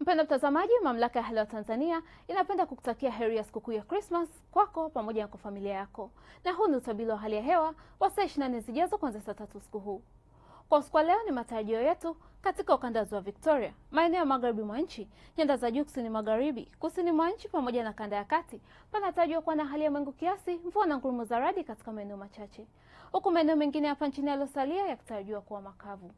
mpendo mtazamaji, mamlaka ya haliwa Tanzania inapenda kukutakia heri ya sikukuu ya Christmas kwako pamoja na kwa familia yako, na huu ni utabiri wa hali ya hewa wa saa 24 zijazo kuanzia saa tatu usiku huu. Kwa usiku wa leo, ni matarajio yetu katika ukanda wa Victoria, maeneo ya magharibi mwa nchi, nyanda za juu kusini magharibi, kusini mwa nchi pamoja na kanda ya kati, panatarajiwa kuwa na hali ya mawingu kiasi, mvua na ngurumo za radi katika maeneo machache, huku maeneo mengine hapa nchini yaliyosalia yakitarajiwa kuwa makavu.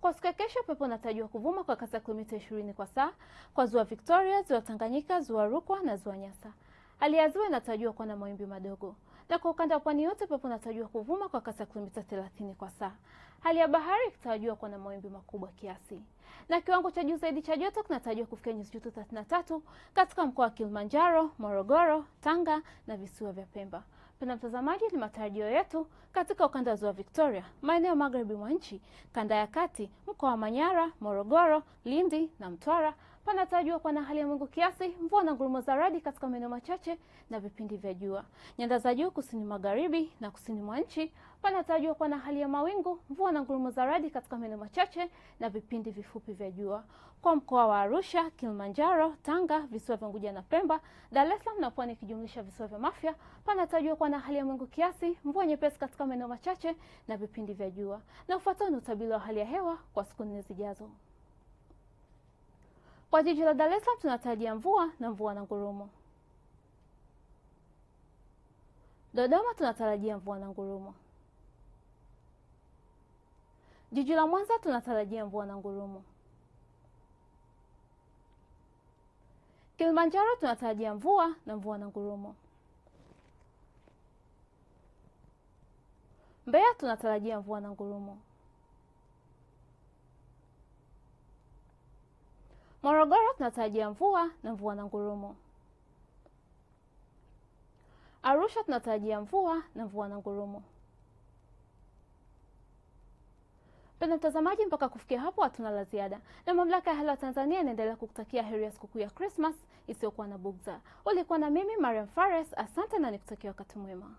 Kwa siku ya kesho pepo inatarajiwa kuvuma kwa kasi ya kilomita 20 kwa saa kwa ziwa Victoria, ziwa Tanganyika, ziwa Rukwa na ziwa Nyasa. Hali ya ziwa inatarajiwa kuwa na mawimbi madogo, na kwa ukanda wa pwani yote pepo inatarajiwa kuvuma kwa kasi ya kilomita 30 kwa saa. Hali ya bahari ikitarajiwa kuwa na mawimbi makubwa kiasi, na kiwango cha juu zaidi cha joto kinatarajiwa kufikia nyuzi joto 33 katika mkoa wa Kilimanjaro, Morogoro, Tanga na visiwa vya Pemba. Penda mtazamaji, ni matarajio yetu katika ukanda wa ziwa Victoria, maeneo magharibi mwa nchi, kanda ya kati, mkoa wa Manyara, Morogoro, Lindi na Mtwara panatarajiwa kuwa na hali ya mawingu kiasi, mvua na ngurumo za radi katika maeneo machache na vipindi vya jua. Nyanda za juu kusini magharibi na kusini mwa nchi panatarajiwa kuwa na hali ya mawingu, mvua na ngurumo za radi katika maeneo machache na vipindi vifupi vya jua. Kwa mkoa wa Arusha, Kilimanjaro, Tanga, visiwa vya Unguja na Pemba, Dar es Salaam na Pwani kijumlisha visiwa vya Mafia panatarajiwa kuwa na hali ya mawingu kiasi, mvua nyepesi katika maeneo machache na vipindi vya jua. Na ufuatao ni utabiri wa hali ya hewa kwa siku nne zijazo. Kwa jiji la Dar es Salaam tunatarajia mvua na mvua na ngurumo. Dodoma tunatarajia mvua na ngurumo. Jiji la Mwanza tunatarajia mvua na ngurumo. Kilimanjaro tunatarajia mvua na mvua na ngurumo. Mbeya tunatarajia mvua na ngurumo. Morogoro tunatarajia mvua na mvua na ngurumo. Arusha tunatarajia mvua na mvua na ngurumo. Mpendwa mtazamaji, mpaka kufikia hapo hatuna la ziada, na mamlaka ya hali ya Tanzania inaendelea kukutakia heri ya sikukuu ya Krismas isiyokuwa na bugza Ulikuwa na mimi Mariam Fares, asante na nikutakia wakati mwema.